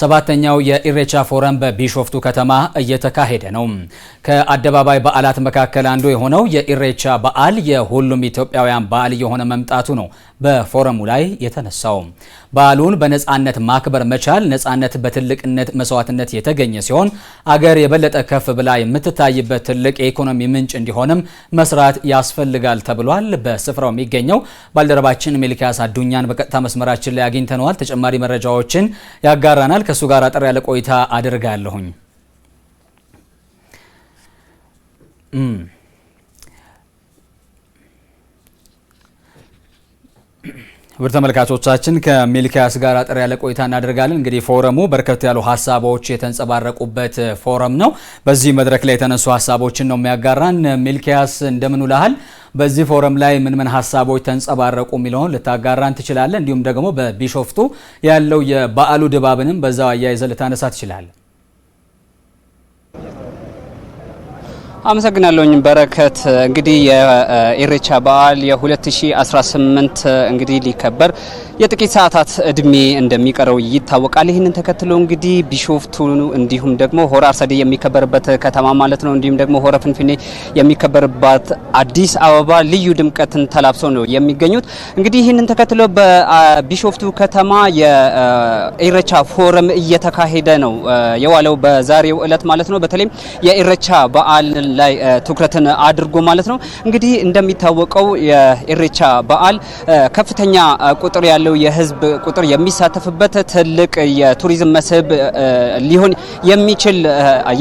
ሰባተኛው የኢሬቻ ፎረም በቢሾፍቱ ከተማ እየተካሄደ ነው። ከአደባባይ በዓላት መካከል አንዱ የሆነው የኢሬቻ በዓል የሁሉም ኢትዮጵያውያን በዓል የሆነ መምጣቱ ነው በፎረሙ ላይ የተነሳው። በዓሉን በነፃነት ማክበር መቻል ነፃነት በትልቅነት መስዋዕትነት የተገኘ ሲሆን አገር የበለጠ ከፍ ብላ የምትታይበት ትልቅ የኢኮኖሚ ምንጭ እንዲሆንም መስራት ያስፈልጋል ተብሏል። በስፍራው የሚገኘው ባልደረባችን ሚልኪያስ አዱኛን በቀጥታ መስመራችን ላይ አግኝተነዋል። ተጨማሪ መረጃዎችን ያጋራናል። ከእሱ ጋር አጠር ያለ ቆይታ አደርጋለሁኝ። ውድ ተመልካቾቻችን ከሚልኪያስ ጋር አጠር ያለ ቆይታ እናደርጋለን። እንግዲህ ፎረሙ በርከት ያሉ ሀሳቦች የተንጸባረቁበት ፎረም ነው። በዚህ መድረክ ላይ የተነሱ ሀሳቦችን ነው የሚያጋራን። ሚልኪያስ እንደምን ውለሃል? በዚህ ፎረም ላይ ምን ምን ሀሳቦች ተንጸባረቁ የሚለውን ልታጋራን ትችላለ። እንዲሁም ደግሞ በቢሾፍቱ ያለው የበዓሉ ድባብንም በዛው አያይዘ ልታነሳ ትችላለ። አመሰግናለሁኝ በረከት። እንግዲህ የኢሬቻ በዓል የ2018 እንግዲህ ሊከበር የጥቂት ሰዓታት እድሜ እንደሚቀረው ይታወቃል። ይህንን ተከትሎ እንግዲህ ቢሾፍቱ እንዲሁም ደግሞ ሆራ አርሰዴ የሚከበርበት ከተማ ማለት ነው እንዲሁም ደግሞ ሆረ ፍንፍኔ የሚከበርባት አዲስ አበባ ልዩ ድምቀትን ተላብሰው ነው የሚገኙት። እንግዲህ ይህንን ተከትሎ በቢሾፍቱ ከተማ የኢሬቻ ፎረም እየተካሄደ ነው የዋለው በዛሬው እለት ማለት ነው። በተለይም የኢሬቻ በዓል ላይ ትኩረትን አድርጎ ማለት ነው። እንግዲህ እንደሚታወቀው የኢሬቻ በዓል ከፍተኛ ቁጥር ያለው የህዝብ ቁጥር የሚሳተፍበት ትልቅ የቱሪዝም መስህብ ሊሆን የሚችል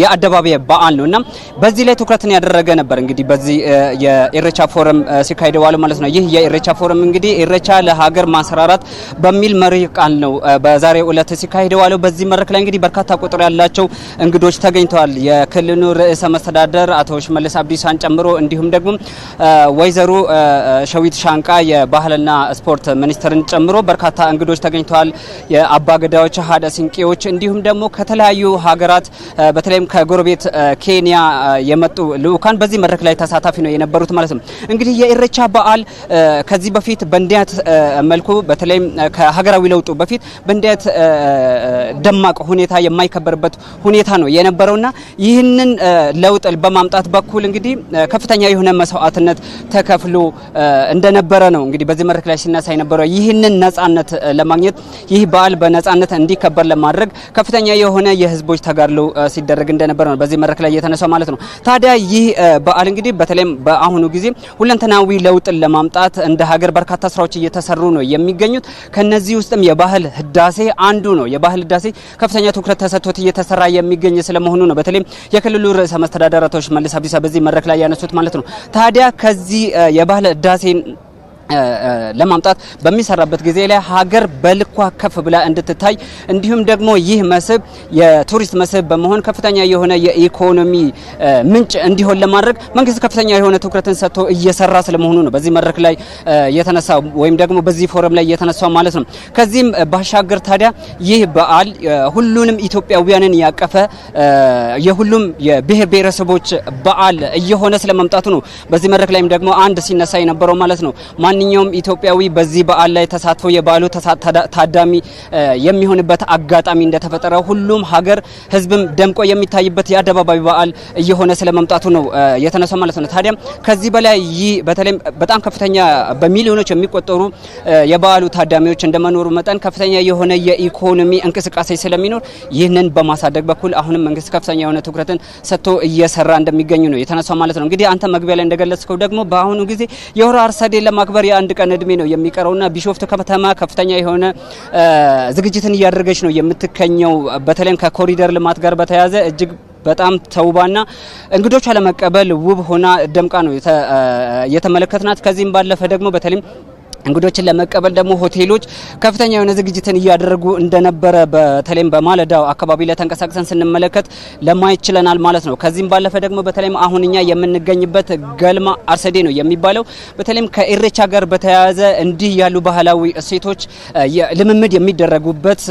የአደባባይ በዓል ነው እና በዚህ ላይ ትኩረትን ያደረገ ነበር። እንግዲህ በዚህ የኢሬቻ ፎረም ሲካሄድ ዋለ ማለት ነው። ይህ የኢሬቻ ፎረም እንግዲህ ኢሬቻ ለሀገር ማሰራራት በሚል መሪ ቃል ነው በዛሬው ዕለት ሲካሄድ ዋለው። በዚህ መድረክ ላይ እንግዲህ በርካታ ቁጥር ያላቸው እንግዶች ተገኝተዋል። የክልሉ ርዕሰ መስተዳደር አቶ ሽመልስ አብዲሳን ጨምሮ እንዲሁም ደግሞ ወይዘሮ ሸዊት ሻንቃ የባህልና ስፖርት ሚኒስትርን ጨምሮ በርካታ እንግዶች ተገኝተዋል። የአባ ገዳዎች፣ ሀደ ሲንቄዎች እንዲሁም ደግሞ ከተለያዩ ሀገራት በተለይም ከጎረቤት ኬንያ የመጡ ልኡካን በዚህ መድረክ ላይ ተሳታፊ ነው የነበሩት ማለት ነው። እንግዲህ የኢሬቻ በዓል ከዚህ በፊት በእንዲያት መልኩ በተለይም ከሀገራዊ ለውጡ በፊት በእንዲያት ደማቅ ሁኔታ የማይከበርበት ሁኔታ ነው የነበረውና ይህንን ለውጥ በማ በማምጣት በኩል እንግዲህ ከፍተኛ የሆነ መስዋዕትነት ተከፍሎ እንደነበረ ነው እንግዲህ በዚህ መድረክ ላይ ሲነሳ የነበረው። ይህንን ነጻነት ለማግኘት ይህ በዓል በነጻነት እንዲከበር ለማድረግ ከፍተኛ የሆነ የህዝቦች ተጋድሎ ሲደረግ እንደነበረ ነው በዚህ መድረክ ላይ እየተነሳው ማለት ነው። ታዲያ ይህ በዓል እንግዲህ በተለይም በአሁኑ ጊዜ ሁለንተናዊ ለውጥን ለማምጣት እንደ ሀገር በርካታ ስራዎች እየተሰሩ ነው የሚገኙት። ከነዚህ ውስጥም የባህል ህዳሴ አንዱ ነው። የባህል ህዳሴ ከፍተኛ ትኩረት ተሰጥቶት እየተሰራ የሚገኝ ስለመሆኑ ነው በተለይም የክልሉ ርዕሰ መስተዳደራቶች መለስ አብዲሳ በዚህ መድረክ ላይ ያነሱት ማለት ነው። ታዲያ ከዚህ የባህል ህዳሴን ለማምጣት በሚሰራበት ጊዜ ላይ ሀገር በልኳ ከፍ ብላ እንድትታይ እንዲሁም ደግሞ ይህ መስህብ የቱሪስት መስህብ በመሆን ከፍተኛ የሆነ የኢኮኖሚ ምንጭ እንዲሆን ለማድረግ መንግስት ከፍተኛ የሆነ ትኩረትን ሰጥቶ እየሰራ ስለመሆኑ ነው በዚህ መድረክ ላይ የተነሳው ወይም ደግሞ በዚህ ፎረም ላይ የተነሳው ማለት ነው። ከዚህም ባሻገር ታዲያ ይህ በዓል ሁሉንም ኢትዮጵያውያንን ያቀፈ የሁሉም የብሔር ብሔረሰቦች በዓል እየሆነ ስለመምጣቱ ነው። በዚህ መድረክ ላይም ደግሞ አንድ ሲነሳ የነበረው ማለት ነው። ማንኛውም ኢትዮጵያዊ በዚህ በዓል ላይ ተሳትፎ የበዓሉ ታዳሚ የሚሆንበት አጋጣሚ እንደተፈጠረ ሁሉም ሀገር ህዝብም ደምቆ የሚታይበት የአደባባይ በዓል እየሆነ ስለመምጣቱ ነው የተነሳው ማለት ነው። ታዲያም ከዚህ በላይ ይህ በተለይም በጣም ከፍተኛ በሚሊዮኖች የሚቆጠሩ የበዓሉ ታዳሚዎች እንደመኖሩ መጠን ከፍተኛ የሆነ የኢኮኖሚ እንቅስቃሴ ስለሚኖር ይህንን በማሳደግ በኩል አሁንም መንግስት ከፍተኛ የሆነ ትኩረትን ሰጥቶ እየሰራ እንደሚገኙ ነው የተነሳው ማለት ነው። እንግዲህ አንተ መግቢያ ላይ እንደገለጽከው ደግሞ በአሁኑ ጊዜ የሆረ አርሰዴ ለማክበር አንድ ቀን እድሜ ነው የሚቀረውና ቢሾፍት ከተማ ከፍተኛ የሆነ ዝግጅትን እያደረገች ነው የምትገኘው። በተለይም ከኮሪደር ልማት ጋር በተያያዘ እጅግ በጣም ተውባና እንግዶቿ ለመቀበል ውብ ሆና ደምቃ ነው የተመለከትናት። ከዚህም ባለፈ ደግሞ በተለይም እንግዶችን ለመቀበል ደግሞ ሆቴሎች ከፍተኛ የሆነ ዝግጅትን እያደረጉ እንደነበረ በተለይም በማለዳው አካባቢ ለተንቀሳቅሰን ስንመለከት ለማይችለናል ማለት ነው። ከዚህም ባለፈ ደግሞ በተለይም አሁን እኛ የምንገኝበት ገልማ አርሰዴ ነው የሚባለው። በተለይም ከኢሬቻ ጋር በተያያዘ እንዲህ ያሉ ባህላዊ እሴቶች ልምምድ የሚደረጉበት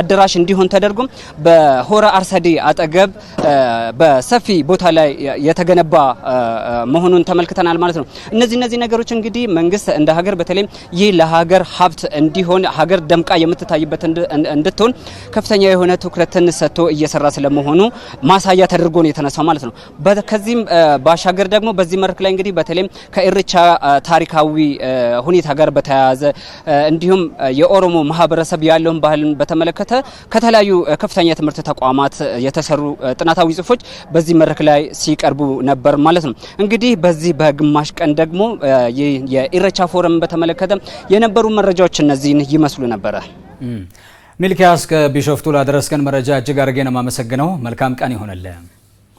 አዳራሽ እንዲሆን ተደርጎም በሆረ አርሰዴ አጠገብ በሰፊ ቦታ ላይ የተገነባ መሆኑን ተመልክተናል ማለት ነው። እነዚህ እነዚህ ነገሮች እንግዲህ መንግስት እንደ ሀገር በተለይ ይህ ለሀገር ሀብት እንዲሆን ሀገር ደምቃ የምትታይበት እንድትሆን ከፍተኛ የሆነ ትኩረትን ሰጥቶ እየሰራ ስለመሆኑ ማሳያ ተደርጎ ነው የተነሳው ማለት ነው። ከዚህም ባሻገር ደግሞ በዚህ መድረክ ላይ እንግዲህ በተለይም ከኢሬቻ ታሪካዊ ሁኔታ ጋር በተያያዘ እንዲሁም የኦሮሞ ማህበረሰብ ያለውን ባህልን በተመለከተ ከተለያዩ ከፍተኛ የትምህርት ተቋማት የተሰሩ ጥናታዊ ጽሁፎች በዚህ መድረክ ላይ ሲቀርቡ ነበር ማለት ነው። እንግዲህ በዚህ በግማሽ ቀን ደግሞ የኢሬቻ ፎረም በተመለከተ በተመለከተ የነበሩ መረጃዎች እነዚህን ይመስሉ ነበረ። ሚልኪያስ ከቢሾፍቱ ላደረስከን መረጃ እጅግ አድርጌ ነው የማመሰግነው። መልካም ቀን ይሆነልህ።